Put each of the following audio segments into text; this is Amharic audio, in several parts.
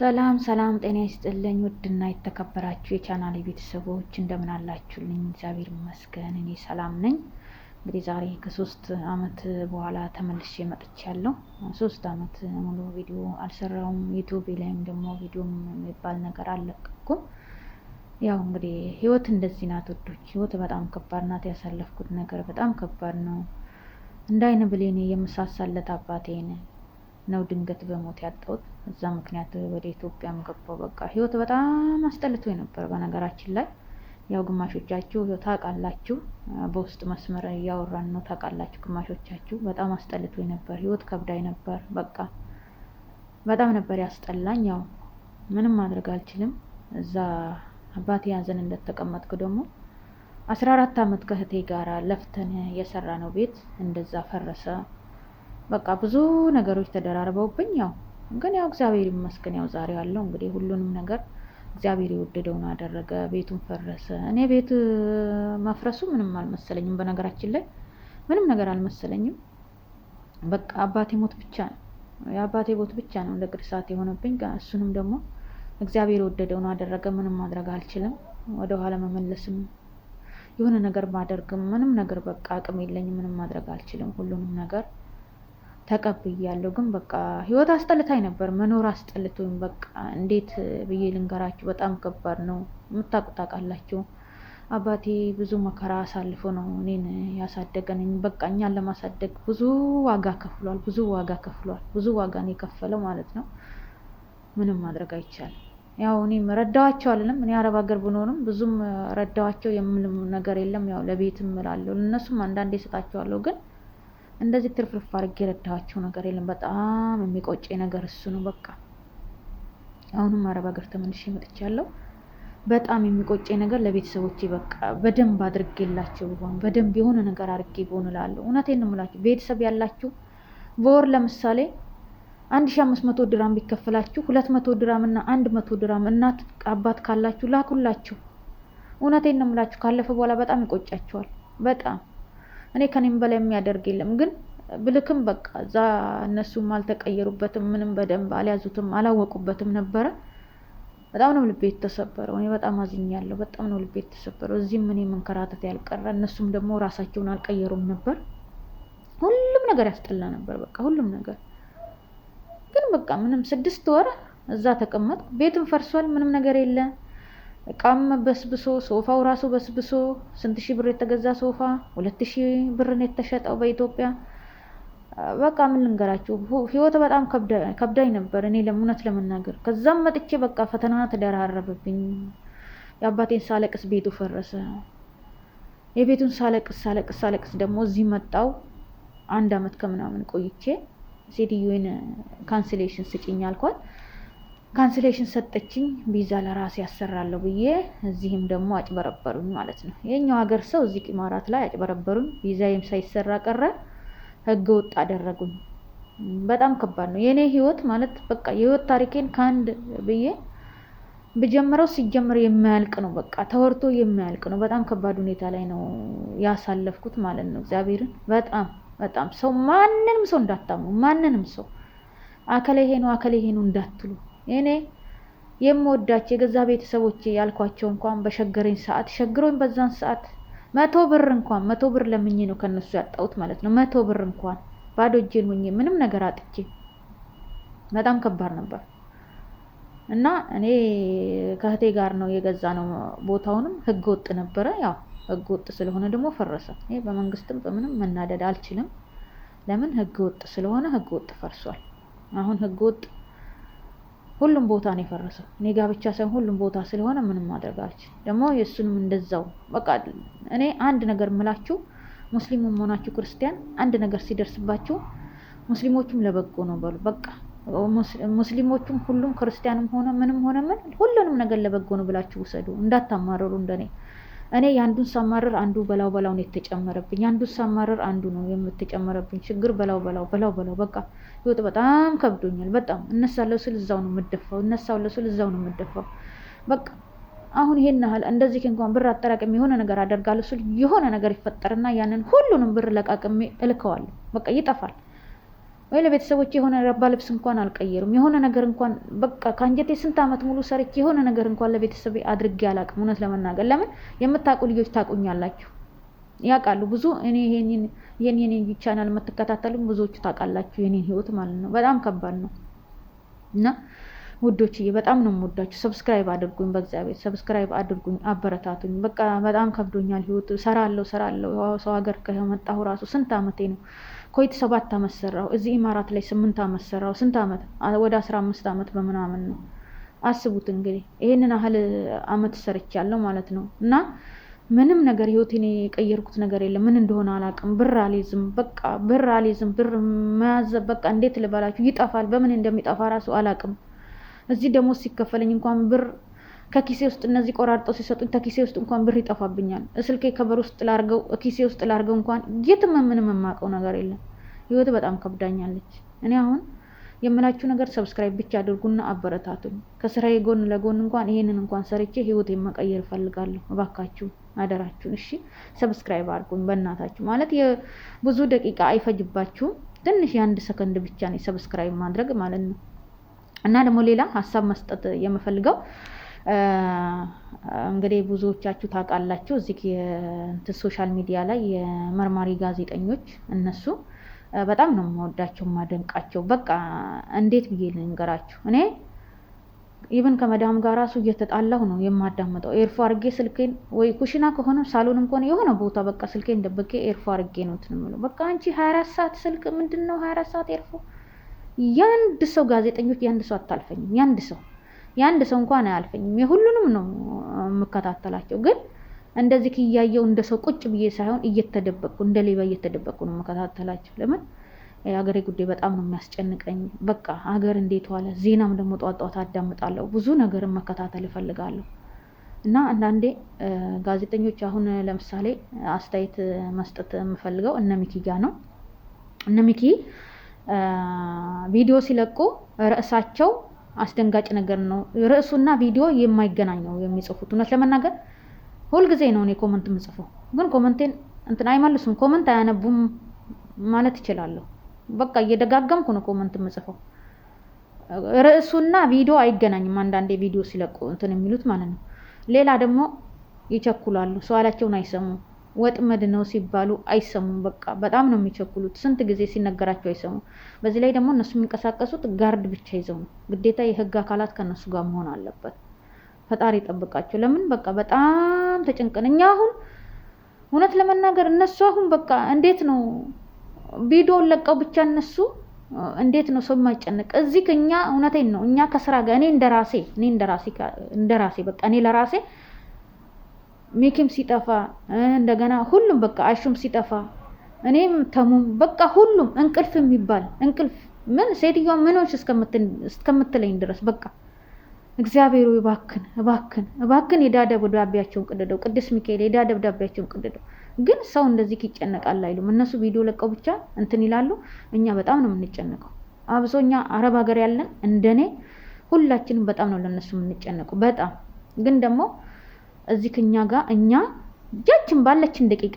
ሰላም ሰላም፣ ጤና ይስጥልኝ ውድና የተከበራችሁ የቻናል ቤተሰቦች እንደምን አላችሁልኝ? እግዚአብሔር ይመስገን እኔ ሰላም ነኝ። እንግዲህ ዛሬ ከሶስት አመት በኋላ ተመልሼ መጥቻለሁ። ሶስት አመት ሙሉ ቪዲዮ አልሰራውም። ዩቱብ ላይም ደግሞ ቪዲዮ የሚባል ነገር አልለቀኩም። ያው እንግዲህ ህይወት እንደዚህ ናት ውዶች፣ ህይወት በጣም ከባድ ናት። ያሳለፍኩት ነገር በጣም ከባድ ነው። እንደ ብሌኔ የምሳሳለት አባቴ ነው ድንገት በሞት ያጣሁት። እዛ ምክንያት ወደ ኢትዮጵያም ገባሁ። በቃ ህይወት በጣም አስጠልቶ ነበር። በነገራችን ላይ ያው ግማሾቻችሁ ታውቃላችሁ፣ በውስጥ መስመር እያወራን ነው ታውቃላችሁ። ግማሾቻችሁ በጣም አስጠልቶ ነበር፣ ህይወት ከብዳይ ነበር። በቃ በጣም ነበር ያስጠላኝ። ያው ምንም ማድረግ አልችልም። እዛ አባቴ ያዘን እንደተቀመጥኩ ደግሞ አስራ አራት አመት ከህቴ ጋር ለፍተን የሰራ ነው ቤት እንደዛ ፈረሰ። በቃ ብዙ ነገሮች ተደራርበውብኝ ያው ግን ያው እግዚአብሔር ይመስገን ያው ዛሬ ያለው እንግዲህ ሁሉንም ነገር እግዚአብሔር የወደደውን አደረገ። ቤቱን ፈረሰ። እኔ ቤት መፍረሱ ምንም አልመሰለኝም። በነገራችን ላይ ምንም ነገር አልመሰለኝም። በቃ አባቴ ሞት ብቻ ነው የአባቴ ሞት ብቻ ነው እንደ የሆነብኝ። እሱንም ደግሞ እግዚአብሔር የወደደውን አደረገ። ምንም ማድረግ አልችልም። ወደኋላ መመለስም የሆነ ነገር ማደርግም ምንም ነገር በቃ አቅም የለኝም። ምንም ማድረግ አልችልም። ሁሉንም ነገር ተቀብያለሁ። ግን በቃ ህይወት አስጠልታኝ ነበር፣ መኖር አስጠልቶኝ በቃ እንዴት ብዬ ልንገራችሁ። በጣም ከባድ ነው፣ የምታውቁት አባቴ ብዙ መከራ አሳልፎ ነው እኔን ያሳደገን። በቃ እኛን ለማሳደግ ብዙ ዋጋ ከፍሏል፣ ብዙ ዋጋ ከፍሏል፣ ብዙ ነው የከፈለው ማለት ነው። ምንም ማድረግ አይቻልም። ያው እኔም ረዳዋቸው አልልም። እኔ አረብ ሀገር ብኖርም ብዙም ረዳዋቸው የምልም ነገር የለም። ያው ለቤትም እላለሁ፣ ለእነሱም አንዳንዴ እሰጣቸዋለሁ ግን እንደዚህ ትርፍርፍ አድርጌ የረዳኋቸው ነገር የለም። በጣም የሚቆጨኝ ነገር እሱ ነው። በቃ አሁንም አረብ ሀገር ተመልሼ መጥቻለሁ። በጣም የሚቆጨኝ ነገር ለቤተሰቦቼ በቃ በደንብ አድርጌላቸው ብሆን በደንብ የሆነ ነገር አድርጌ ብሆን እላለሁ። እውነቴን ነው የምላችሁ። ቤተሰብ ያላችሁ በወር ለምሳሌ አንድ ሺ አምስት መቶ ድራም ቢከፈላችሁ ሁለት መቶ ድራም እና አንድ መቶ ድራም እናት አባት ካላችሁ ላኩላችሁ። እውነቴን ነው የምላችሁ። ካለፈ በኋላ በጣም ይቆጫችኋል። በጣም እኔ ከኔም በላይ የሚያደርግ የለም ግን ብልክም በቃ እዛ እነሱም አልተቀየሩበትም፣ ምንም በደንብ አልያዙትም፣ አላወቁበትም ነበረ። በጣም ነው ልቤ የተሰበረው። እኔ በጣም አዝኛለሁ። በጣም ነው ልቤ የተሰበረው። እዚህም እኔ መንከራተት ያልቀረ እነሱም ደግሞ ራሳቸውን አልቀየሩም ነበር። ሁሉም ነገር ያስጠላ ነበር። በቃ ሁሉም ነገር ግን በቃ ምንም ስድስት ወር እዛ ተቀመጥኩ። ቤትም ፈርሷል። ምንም ነገር የለ። እቃም በስብሶ ሶፋው ራሱ በስብሶ ስንት ሺህ ብር የተገዛ ሶፋ ሁለት ሺህ ብር ነው የተሸጠው በኢትዮጵያ። በቃ ምን ልንገራችሁ ህይወት በጣም ከብዳኝ ነበር። እኔ ለእውነት ለመናገር ከዛም መጥቼ በቃ ፈተና ተደራረበብኝ። የአባቴን ሳለቅስ ቤቱ ፈረሰ። የቤቱን ሳለቅስ ሳለቅስ ሳለቅስ ደግሞ እዚህ መጣው። አንድ አመት ከምናምን ቆይቼ ሴትዮን ካንስሌሽን ስጭኝ አልኳት። ካንስሌሽን ሰጠችኝ። ቪዛ ለራሴ ያሰራለሁ ብዬ እዚህም ደግሞ አጭበረበሩኝ ማለት ነው። የኛው ሀገር ሰው እዚህ ኢማራት ላይ አጭበረበሩኝ። ቪዛዬም ሳይሰራ ቀረ። ህገ ወጥ አደረጉኝ። በጣም ከባድ ነው የእኔ ህይወት ማለት በቃ የህይወት ታሪኬን ከአንድ ብዬ ብጀምረው ሲጀምር የማያልቅ ነው። በቃ ተወርቶ የማያልቅ ነው። በጣም ከባድ ሁኔታ ላይ ነው ያሳለፍኩት ማለት ነው። እግዚአብሔርን በጣም በጣም ሰው ማንንም ሰው እንዳታምኑ፣ ማንንም ሰው አከሌ ሄኑ አከሌ ሄኑ እንዳትሉ እኔ የምወዳቸው የገዛ ቤተሰቦቼ ያልኳቸው እንኳን በሸገረኝ ሰዓት ሸግሮኝ በዛን ሰዓት መቶ ብር እንኳን መቶ ብር ለምኝ ነው ከነሱ ያጣሁት ማለት ነው። መቶ ብር እንኳን ባዶ እጄን ሁኜ ምንም ነገር አጥቼ በጣም ከባድ ነበር እና እኔ ከህቴ ጋር ነው የገዛ ነው። ቦታውንም ህገ ወጥ ነበረ። ያው ህገ ወጥ ስለሆነ ደግሞ ፈረሰ። እኔ በመንግስትም በምንም መናደድ አልችልም። ለምን ህገ ወጥ ስለሆነ ህገ ወጥ ፈርሷል። አሁን ህገ ወጥ ሁሉም ቦታ ነው የፈረሰው። እኔ ጋ ብቻ ሳይሆን ሁሉም ቦታ ስለሆነ ምንም ማድረግ አልችል። ደግሞ የእሱንም እንደዛው በቃ እኔ አንድ ነገር ምላችሁ፣ ሙስሊሙም ሆናችሁ ክርስቲያን አንድ ነገር ሲደርስባችሁ ሙስሊሞቹም ለበጎ ነው በሉ። በቃ ሙስሊሞቹም ሁሉም ክርስቲያንም ሆነ ምንም ሆነ ምን ሁሉንም ነገር ለበጎ ነው ብላችሁ ውሰዱ። እንዳታማረሩ እንደኔ እኔ የአንዱን ሳማረር አንዱ በላው በላው ነው የተጨመረብኝ። የአንዱን ሳማረር አንዱ ነው የምትጨመረብኝ። ችግር በላው በላው በላው በላው በቃ ይወጥ በጣም ከብዶኛል። በጣም እነሳለሁ ስል እዛው ነው የምደፋው። እነሳለሁ ስል እዛው ነው የምደፋው። በቃ አሁን ይሄን ያህል እንደዚህ እንኳን ብር አጠራቅሜ የሆነ ነገር አደርጋለሁ ስል የሆነ ነገር ይፈጠርና ያንን ሁሉንም ብር ለቃቅሜ እልከዋለሁ። በቃ ይጠፋል። ወይ ለቤተሰቦች የሆነ ረባ ልብስ እንኳን አልቀየርም። የሆነ ነገር እንኳን በቃ ከአንጀቴ ስንት ዓመት ሙሉ ሰርቼ የሆነ ነገር እንኳን ለቤተሰብ አድርጌ አላቅም። እውነት ለመናገር ለምን የምታውቁ ልጆች ታቁኛላችሁ፣ ያውቃሉ። ብዙ እኔ ይህን ይሄን ቻናል የምትከታተሉም ብዙዎቹ ታውቃላችሁ፣ የኔን ህይወት ማለት ነው። በጣም ከባድ ነው እና ውዶችዬ በጣም ነው የምወዳችሁ። ሰብስክራይብ አድርጉኝ፣ በእግዚአብሔር ሰብስክራይብ አድርጉኝ፣ አበረታቱኝ። በቃ በጣም ከብዶኛል ህይወት። ሰራለሁ ሰራለሁ ሰው ሀገር ከመጣሁ ራሱ ስንት ዓመቴ ነው ኮይት ሰባት ዓመት ሰራው። እዚህ ኢማራት ላይ ስምንት ዓመት ሰራው። ስንት ዓመት? ወደ አስራ አምስት ዓመት በምናምን ነው። አስቡት እንግዲህ ይህንን ያህል ዓመት ሰርቻለሁ ማለት ነው። እና ምንም ነገር ህይወቴን የቀየርኩት ነገር የለም። ምን እንደሆነ አላውቅም። ብር አልይዝም፣ በቃ ብር አልይዝም። ብር መያዘ በቃ እንዴት ልበላችሁ ይጠፋል። በምን እንደሚጠፋ ራሱ አላውቅም። እዚህ ደግሞ ሲከፈለኝ እንኳን ብር ከኪሴ ውስጥ እነዚህ ቆራርጠው ሲሰጡኝ ከኪሴ ውስጥ እንኳን ብር ይጠፋብኛል። ስልኬ ከበር ውስጥ ላርገው ኪሴ ውስጥ ላርገው እንኳን የትም ምንም የማውቀው ነገር የለም። ህይወት በጣም ከብዳኛለች። እኔ አሁን የምላችሁ ነገር ሰብስክራይብ ብቻ አድርጉና አበረታቱኝ። ከስራዬ ጎን ለጎን እንኳን ይሄንን እንኳን ሰርቼ ህይወቴን መቀየር እፈልጋለሁ። እባካችሁ አደራችሁን፣ እሺ ሰብስክራይብ አድርጉኝ በእናታችሁ። ማለት ብዙ ደቂቃ አይፈጅባችሁም፣ ትንሽ የአንድ ሰከንድ ብቻ ነው ሰብስክራይብ ማድረግ ማለት ነው። እና ደግሞ ሌላ ሀሳብ መስጠት የምፈልገው እንግዲህ ብዙዎቻችሁ ታውቃላችሁ። እዚህ ሶሻል ሚዲያ ላይ የመርማሪ ጋዜጠኞች እነሱ በጣም ነው የምወዳቸው ማደንቃቸው። በቃ እንዴት ብዬ ልንገራችሁ እኔ ኢቨን ከመዳም ጋር ራሱ እየተጣላሁ ነው የማዳምጠው። ኤርፎ አርጌ ስልኬን ወይ ኩሽና ከሆነ ሳሎንም ከሆነ የሆነ ቦታ በቃ ስልኬን ደብቄ ኤርፎ አርጌ ነው እንትን የምለው። በቃ አንቺ ሀያ ሰዓት ስልክ ምንድን ነው ሀያ ሰዓት ኤርፎ። ያንድ ሰው ጋዜጠኞች ያንድ ሰው አታልፈኝም። ያንድ ሰው የአንድ ሰው እንኳን አያልፈኝም። የሁሉንም ነው የምከታተላቸው። ግን እንደዚህ እያየው እንደ ሰው ቁጭ ብዬ ሳይሆን እየተደበቅኩ እንደ ሌባ እየተደበቅኩ ነው የምከታተላቸው። ለምን የሀገሬ ጉዳይ በጣም ነው የሚያስጨንቀኝ። በቃ ሀገር እንዴት ዋለ። ዜናም ደግሞ ጠዋት ጠዋት አዳምጣለሁ። ብዙ ነገርን መከታተል እፈልጋለሁ። እና አንዳንዴ ጋዜጠኞች አሁን ለምሳሌ አስተያየት መስጠት የምፈልገው እነ ሚኪ ጋ ነው። እነ ሚኪ ቪዲዮ ሲለቁ ርዕሳቸው አስደንጋጭ ነገር ነው። ርዕሱና ቪዲዮ የማይገናኝ ነው የሚጽፉት። እውነት ለመናገር ሁልጊዜ ነው እኔ ኮመንት የምጽፈው፣ ግን ኮመንቴን እንትን አይመልሱም። ኮመንት አያነቡም ማለት ይችላለሁ። በቃ እየደጋገምኩ ነው ኮመንት የምጽፈው። ርዕሱና ቪዲዮ አይገናኝም። አንዳንዴ ቪዲዮ ሲለቁ እንትን የሚሉት ማለት ነው። ሌላ ደግሞ ይቸኩላሉ፣ ሰዋላቸውን አይሰሙም። ወጥመድ ነው ሲባሉ አይሰሙም። በቃ በጣም ነው የሚቸኩሉት። ስንት ጊዜ ሲነገራቸው አይሰሙም። በዚህ ላይ ደግሞ እነሱ የሚንቀሳቀሱት ጋርድ ብቻ ይዘው ነው። ግዴታ የህግ አካላት ከነሱ ጋር መሆን አለበት። ፈጣሪ ጠብቃቸው ለምን በቃ በጣም ተጨንቀን እኛ አሁን እውነት ለመናገር እነሱ አሁን በቃ እንዴት ነው ቪዲዮ ለቀው ብቻ እነሱ እንዴት ነው ሰው የማይጨነቅ? እዚህ ከኛ እውነቴን ነው እኛ ከስራ ጋር እኔ እንደራሴ እኔ እንደራሴ እንደራሴ በቃ እኔ ለራሴ ሚኪም ሲጠፋ እንደገና ሁሉም በቃ አሹም ሲጠፋ እኔም ተሙም በቃ ሁሉም እንቅልፍ የሚባል እንቅልፍ ምን ሴትዮዋ ምኖች እስከምትለኝ ድረስ በቃ እግዚአብሔሩ እባክን እባክን እባክን የዳ ደብዳቤያቸውን ቅደደው፣ ቅዱስ ሚካኤል የዳ ደብዳቤያቸውን ቅደደው። ግን ሰው እንደዚህ ይጨነቃል አይሉም እነሱ ቪዲዮ ለቀው ብቻ እንትን ይላሉ። እኛ በጣም ነው የምንጨነቀው። አብሶ እኛ አረብ ሀገር ያለን እንደኔ ሁላችንም በጣም ነው ለነሱ የምንጨነቀው። በጣም ግን ደግሞ እዚህ ከኛ ጋር እኛ እጃችን ባለችን ደቂቃ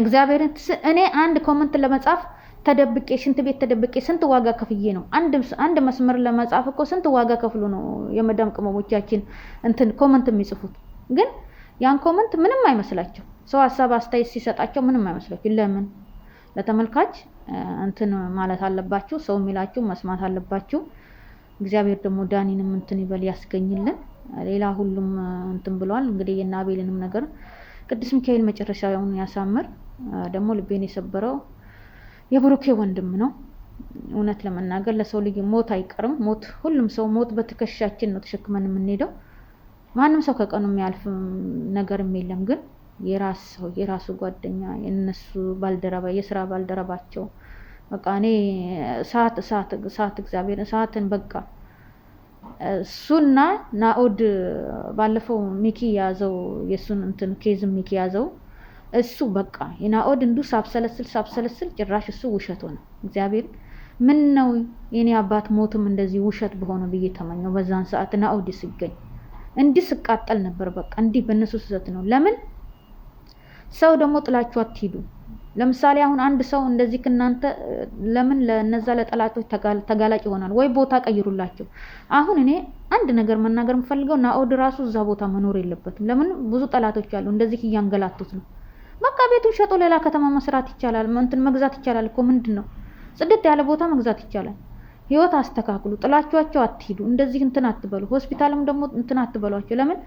እግዚአብሔርን እኔ አንድ ኮመንት ለመጻፍ ተደብቄ ሽንት ቤት ተደብቄ ስንት ዋጋ ከፍዬ ነው አንድ መስመር ለመጻፍ እኮ ስንት ዋጋ ከፍሉ ነው የመዳም ቅመሞቻችን እንትን ኮመንት የሚጽፉት። ግን ያን ኮመንት ምንም አይመስላቸው፣ ሰው ሀሳብ አስተያየት ሲሰጣቸው ምንም አይመስላቸው። ለምን ለተመልካች እንትን ማለት አለባችሁ፣ ሰው የሚላችሁ መስማት አለባችሁ። እግዚአብሔር ደግሞ ዳኒንም እንትን ይበል ያስገኝልን። ሌላ ሁሉም እንትን ብሏል። እንግዲህ የናቤልንም ነገር ቅዱስ ሚካኤል መጨረሻውን ያሳምር። ደግሞ ልቤን የሰበረው የብሩኬ ወንድም ነው። እውነት ለመናገር ለሰው ልጅ ሞት አይቀርም። ሞት ሁሉም ሰው ሞት በትከሻችን ነው ተሸክመን የምንሄደው። ማንም ሰው ከቀኑ የሚያልፍ ነገርም የለም። ግን የራስ ሰው የራሱ ጓደኛ፣ የነሱ ባልደረባ፣ የስራ ባልደረባቸው በቃ እኔ እሳት እሳት እሳት እግዚአብሔር እሳትን በቃ እሱና ናኦድ ባለፈው ሚኪ ያዘው የእሱን እንትን ኬዝም ሚኪ ያዘው። እሱ በቃ የናኦድ እንዱ ሳብሰለስል ሳብሰለስል ጭራሽ እሱ ውሸት ሆነ። እግዚአብሔር ምን ነው የኔ አባት ሞትም እንደዚህ ውሸት በሆነ ብዬ ተመኘው። በዛን ሰዓት ናኦድ ሲገኝ እንዲህ ስቃጠል ነበር። በቃ እንዲህ በእነሱ ስህተት ነው። ለምን ሰው ደግሞ ጥላችሁ አትሂዱ። ለምሳሌ አሁን አንድ ሰው እንደዚህ ከእናንተ ለምን ለነዛ ለጠላቶች ተጋላጭ ይሆናል ወይ? ቦታ ቀይሩላቸው። አሁን እኔ አንድ ነገር መናገር የምፈልገው ናኦድ ራሱ እዛ ቦታ መኖር የለበትም። ለምን ብዙ ጠላቶች አሉ፣ እንደዚህ እያንገላቱት ነው። በቃ ቤቱን ሸጦ ሌላ ከተማ መስራት ይቻላል፣ እንትን መግዛት ይቻላል እኮ ምንድን ነው ጽድት ያለ ቦታ መግዛት ይቻላል። ህይወት አስተካክሉ። ጥላችኋቸው አትሂዱ። እንደዚህ እንትን አትበሉ። ሆስፒታልም ደግሞ እንትን አትበሏቸው። ለምን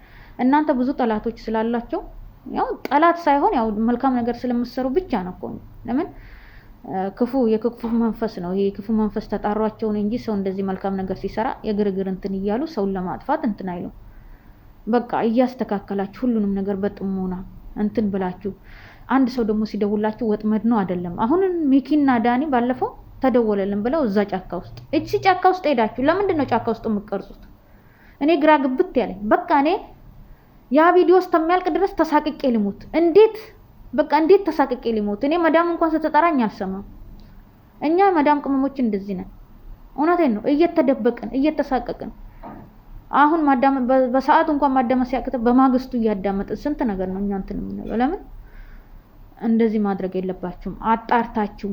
እናንተ ብዙ ጠላቶች ስላላቸው ያው ጠላት ሳይሆን ያው መልካም ነገር ስለምትሰሩ ብቻ ነው እኮ ለምን ክፉ የክፉ መንፈስ ነው ይሄ ክፉ መንፈስ ተጣሯቸውን እንጂ ሰው እንደዚህ መልካም ነገር ሲሰራ የግርግር እንትን እያሉ ሰውን ለማጥፋት እንትን አይሉ በቃ እያስተካከላችሁ ሁሉንም ነገር በጥሞና እንትን ብላችሁ አንድ ሰው ደግሞ ሲደውላችሁ ወጥመድ ነው አይደለም አሁን ሚኪና ዳኒ ባለፈው ተደወለልን ብለው እዛ ጫካ ውስጥ እቺ ጫካ ውስጥ ሄዳችሁ ለምንድን ነው ጫካ ውስጥ የምትቀርጹት እኔ ግራ ግብት ያለኝ በቃ እኔ ያ ቪዲዮ እስከሚያልቅ ድረስ ተሳቅቄ ልሙት። እንዴት በቃ እንዴት ተሳቅቄ ልሙት? እኔ መዳም እንኳን ስትጠራኝ አልሰማም። እኛ መዳም ቅመሞች እንደዚህ ነን። እውነቴን ነው። እየተደበቅን እየተሳቀቅን አሁን በሰዓቱ እንኳን ማዳመጥ ሲያቅተ በማግስቱ እያዳመጥን ስንት ነገር ነው እኛ እንትን የምንለው። ለምን እንደዚህ ማድረግ የለባችሁም። አጣርታችሁ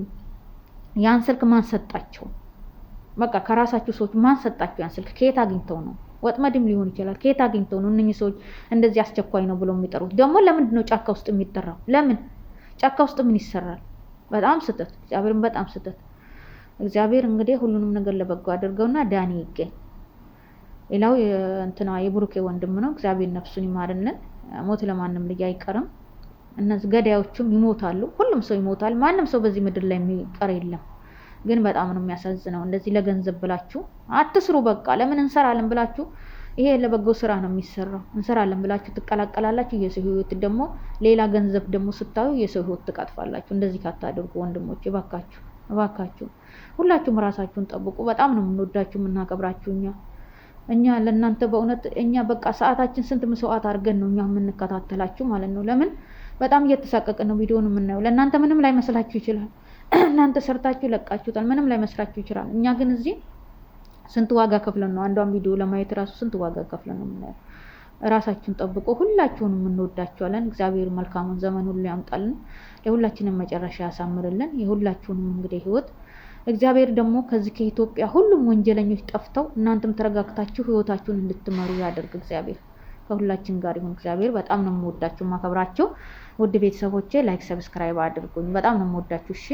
ያን ስልክ ማን ሰጣቸው? በቃ ከራሳችሁ ሰዎች ማን ሰጣቸው ያን ስልክ ከየት አግኝተው ነው ወጥመድም ሊሆን ይችላል። ከየት አግኝተው ነው እነኚህ ሰዎች እንደዚህ አስቸኳይ ነው ብለው የሚጠሩት? ደግሞ ለምንድን ነው ጫካ ውስጥ የሚጠራው? ለምን ጫካ ውስጥ ምን ይሰራል? በጣም ስህተት፣ እግዚአብሔርን በጣም ስህተት። እግዚአብሔር እንግዲህ ሁሉንም ነገር ለበጎ አድርገውና ዳኒ ይገኝ። ሌላው እንትና የብሩኬ ወንድም ነው። እግዚአብሔር ነፍሱን ይማርልን። ሞት ለማንም ልጅ አይቀርም። እነዚህ ገዳዮቹም ይሞታሉ። ሁሉም ሰው ይሞታል። ማንም ሰው በዚህ ምድር ላይ የሚቀር የለም። ግን በጣም ነው የሚያሳዝነው። እንደዚህ ለገንዘብ ብላችሁ አትስሩ። በቃ ለምን እንሰራለን ብላችሁ ይሄ ለበጎ ስራ ነው የሚሰራው። እንሰራለን ብላችሁ ትቀላቀላላችሁ። የሰው ህይወት ደግሞ ሌላ ገንዘብ ደግሞ ስታዩ የሰው ህይወት ትቀጥፋላችሁ። እንደዚህ ካታደርጉ ወንድሞች እባካችሁ፣ እባካችሁ ሁላችሁም ራሳችሁን ጠብቁ። በጣም ነው የምንወዳችሁ የምናከብራችሁ እኛ እኛ ለእናንተ በእውነት እኛ በቃ ሰዓታችን ስንት መስዋዕት አድርገን ነው እኛ የምንከታተላችሁ ማለት ነው። ለምን በጣም እየተሳቀቅን ነው ቪዲዮን የምናየው። ለእናንተ ምንም ላይ መስላችሁ ይችላል እናንተ ሰርታችሁ ለቃችሁታል። ምንም ላይ መስራችሁ ይችላል። እኛ ግን እዚህ ስንት ዋጋ ከፍለን ነው አንዷን ቪዲዮ ለማየት ራሱ ስንት ዋጋ ከፍለን ነው የምናየው። ራሳችሁን ጠብቆ ሁላችሁንም እንወዳችኋለን። እግዚአብሔር መልካሙን ዘመን ሁሉ ያምጣልን፣ ለሁላችንም መጨረሻ ያሳምርልን። የሁላችሁንም እንግዲህ ህይወት እግዚአብሔር ደግሞ ከዚህ ከኢትዮጵያ ሁሉም ወንጀለኞች ጠፍተው እናንተም ተረጋግታችሁ ህይወታችሁን እንድትመሩ ያደርግ እግዚአብሔር። ከሁላችን ጋር ይሁን እግዚአብሔር። በጣም ነው የምወዳችሁ ማከብራችሁ። ውድ ቤተሰቦቼ ላይክ፣ ሰብስክራይብ አድርጉኝ። በጣም ነው የምወዳችሁ። እሺ